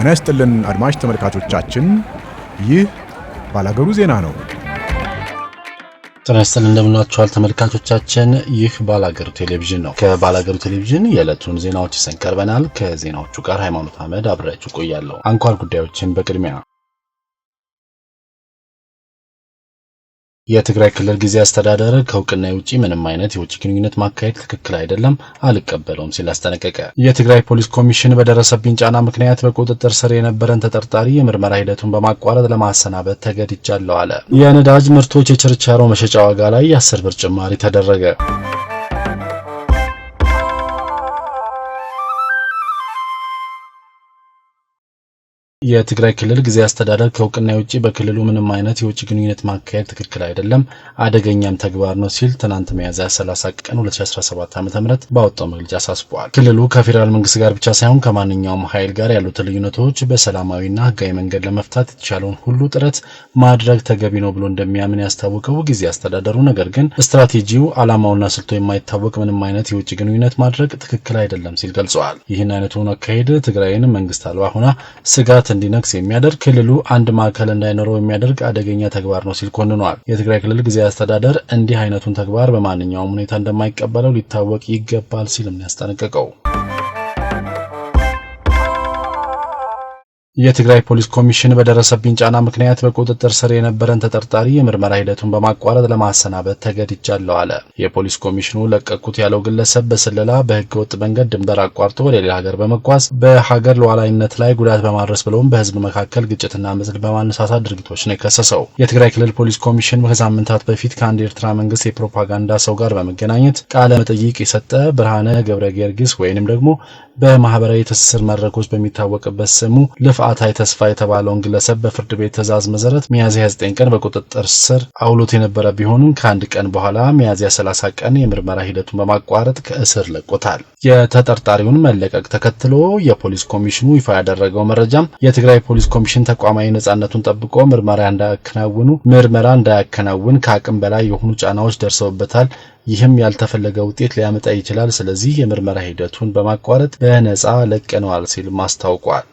ጤና ይስጥልን አድማጭ ተመልካቾቻችን፣ ይህ ባላገሩ ዜና ነው። ጤና ይስጥልን እንደምናችኋል ተመልካቾቻችን፣ ይህ ባላገሩ ቴሌቪዥን ነው። ከባላገሩ ቴሌቪዥን የዕለቱን ዜናዎች ይዘን ቀርበናል። ከዜናዎቹ ጋር ሃይማኖት አህመድ አብሬያችሁ ቆያለሁ። አንኳር ጉዳዮችን በቅድሚያ የትግራይ ክልል ጊዜ አስተዳደር ከእውቅና ውጪ ምንም አይነት የውጭ ግንኙነት ማካሄድ ትክክል አይደለም፣ አልቀበለውም ሲል አስጠነቀቀ። የትግራይ ፖሊስ ኮሚሽን በደረሰብኝ ጫና ምክንያት በቁጥጥር ስር የነበረን ተጠርጣሪ የምርመራ ሂደቱን በማቋረጥ ለማሰናበት ተገድጃለሁ አለ። የነዳጅ ምርቶች የችርቻሮ መሸጫ ዋጋ ላይ የአስር ብር ጭማሪ ተደረገ። የትግራይ ክልል ጊዜ አስተዳደር ከእውቅና ውጪ በክልሉ ምንም አይነት የውጭ ግንኙነት ማካሄድ ትክክል አይደለም፣ አደገኛም ተግባር ነው ሲል ትናንት ሚያዝያ 30 ቀን 2017 ዓ ም ባወጣው መግለጫ አሳስቧል። ክልሉ ከፌዴራል መንግስት ጋር ብቻ ሳይሆን ከማንኛውም ኃይል ጋር ያሉት ልዩነቶች በሰላማዊና ህጋዊ መንገድ ለመፍታት የተቻለውን ሁሉ ጥረት ማድረግ ተገቢ ነው ብሎ እንደሚያምን ያስታወቀው ጊዜ አስተዳደሩ፣ ነገር ግን ስትራቴጂው አላማውና ስልቶ የማይታወቅ ምንም አይነት የውጭ ግንኙነት ማድረግ ትክክል አይደለም ሲል ገልጸዋል። ይህን አይነቱን አካሄድ ትግራይን መንግስት አልባ ሆና ስጋት እንዲነክስ የሚያደርግ ክልሉ አንድ ማዕከል እንዳይኖረው የሚያደርግ አደገኛ ተግባር ነው ሲል ኮንኗል። የትግራይ ክልል ጊዜያዊ አስተዳደር እንዲህ አይነቱን ተግባር በማንኛውም ሁኔታ እንደማይቀበለው ሊታወቅ ይገባል ሲልም ያስጠነቀቀው የትግራይ ፖሊስ ኮሚሽን በደረሰብኝ ጫና ምክንያት በቁጥጥር ስር የነበረን ተጠርጣሪ የምርመራ ሂደቱን በማቋረጥ ለማሰናበት ተገድጃለሁ አለ። የፖሊስ ኮሚሽኑ ለቀኩት ያለው ግለሰብ በስለላ በህገ ወጥ መንገድ ድንበር አቋርጦ ወደ ሌላ ሀገር በመጓዝ በሀገር ሉዓላዊነት ላይ ጉዳት በማድረስ ብሎም በህዝብ መካከል ግጭትና አመፅን በማነሳሳት ድርጊቶች ነው የከሰሰው። የትግራይ ክልል ፖሊስ ኮሚሽን ከሳምንታት በፊት ከአንድ የኤርትራ መንግስት የፕሮፓጋንዳ ሰው ጋር በመገናኘት ቃለ መጠይቅ የሰጠ ብርሃነ ገብረ ጊዮርጊስ ወይንም ደግሞ በማህበራዊ ትስስር መድረኮች በሚታወቅበት ስሙ ልፍ አታይ ተስፋ የተባለውን ግለሰብ በፍርድ ቤት ትዕዛዝ መሰረት ሚያዝያ 29 ቀን በቁጥጥር ስር አውሎት የነበረ ቢሆንም ከአንድ ቀን በኋላ ሚያዝያ 30 ቀን የምርመራ ሂደቱን በማቋረጥ ከእስር ለቆታል። የተጠርጣሪውን መለቀቅ ተከትሎ የፖሊስ ኮሚሽኑ ይፋ ያደረገው መረጃም የትግራይ ፖሊስ ኮሚሽን ተቋማዊ ነጻነቱን ጠብቆ ምርመራ እንዳያከናውኑ ምርመራ እንዳያከናውን ከአቅም በላይ የሆኑ ጫናዎች ደርሰውበታል። ይህም ያልተፈለገ ውጤት ሊያመጣ ይችላል። ስለዚህ የምርመራ ሂደቱን በማቋረጥ በነጻ ለቀነዋል ሲል ማስታውቋል።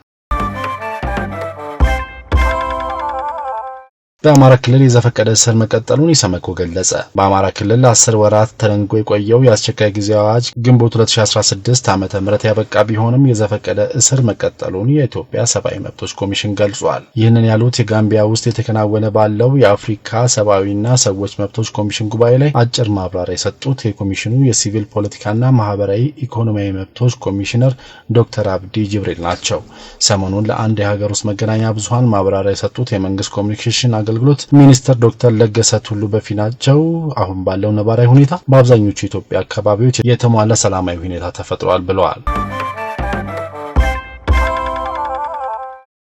በአማራ ክልል የዘፈቀደ እስር መቀጠሉን ኢሰመኮ ገለጸ። በአማራ ክልል ለአስር ወራት ተደንግጎ የቆየው የአስቸኳይ ጊዜ አዋጅ ግንቦት 2016 ዓ ም ያበቃ ቢሆንም የዘፈቀደ እስር መቀጠሉን የኢትዮጵያ ሰብአዊ መብቶች ኮሚሽን ገልጿል። ይህንን ያሉት የጋምቢያ ውስጥ የተከናወነ ባለው የአፍሪካ ሰብአዊና ሰዎች መብቶች ኮሚሽን ጉባኤ ላይ አጭር ማብራሪያ የሰጡት የኮሚሽኑ የሲቪል ፖለቲካና ማህበራዊ ኢኮኖሚያዊ መብቶች ኮሚሽነር ዶክተር አብዲ ጅብሪል ናቸው። ሰሞኑን ለአንድ የሀገር ውስጥ መገናኛ ብዙሀን ማብራሪያ የሰጡት የመንግስት ኮሚኒኬሽን አገ አገልግሎት ሚኒስትር ዶክተር ለገሰ ቱሉ በፊናቸው ናቸው። አሁን ባለው ነባራዊ ሁኔታ በአብዛኞቹ የኢትዮጵያ አካባቢዎች የተሟላ ሰላማዊ ሁኔታ ተፈጥሯል ብለዋል።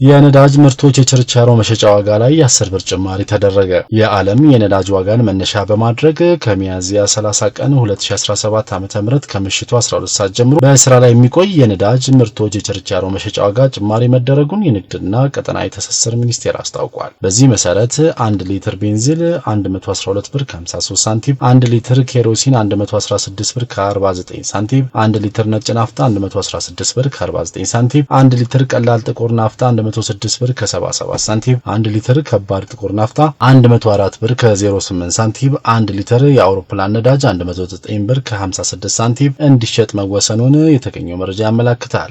የነዳጅ ምርቶች የችርቻሮ መሸጫ ዋጋ ላይ የአስር ብር ጭማሪ ተደረገ። የዓለም የነዳጅ ዋጋን መነሻ በማድረግ ከሚያዝያ 30 ቀን 2017 ዓ ም ከምሽቱ 12 ሰዓት ጀምሮ በስራ ላይ የሚቆይ የነዳጅ ምርቶች የችርቻሮ መሸጫ ዋጋ ጭማሪ መደረጉን የንግድና ቀጠናዊ ትስስር ሚኒስቴር አስታውቋል። በዚህ መሰረት 1 ሊትር ቤንዚል 112 ብር ከ53 ሳንቲም፣ 1 ሊትር ኬሮሲን 116 ብር ከ49 ሳንቲም፣ 1 ሊትር ነጭ ናፍጣ 116 ብር ከ49 ሳንቲም፣ 1 ሊትር ቀላል ጥቁር ናፍጣ 106 ብር ከ77 ሳንቲም 1 ሊትር ከባድ ጥቁር ናፍታ 104 ብር ከ08 ሳንቲም 1 ሊትር የአውሮፕላን ነዳጅ 109 ብር ከ56 ሳንቲም እንዲሸጥ መወሰኑን የተገኘው መረጃ ያመለክታል።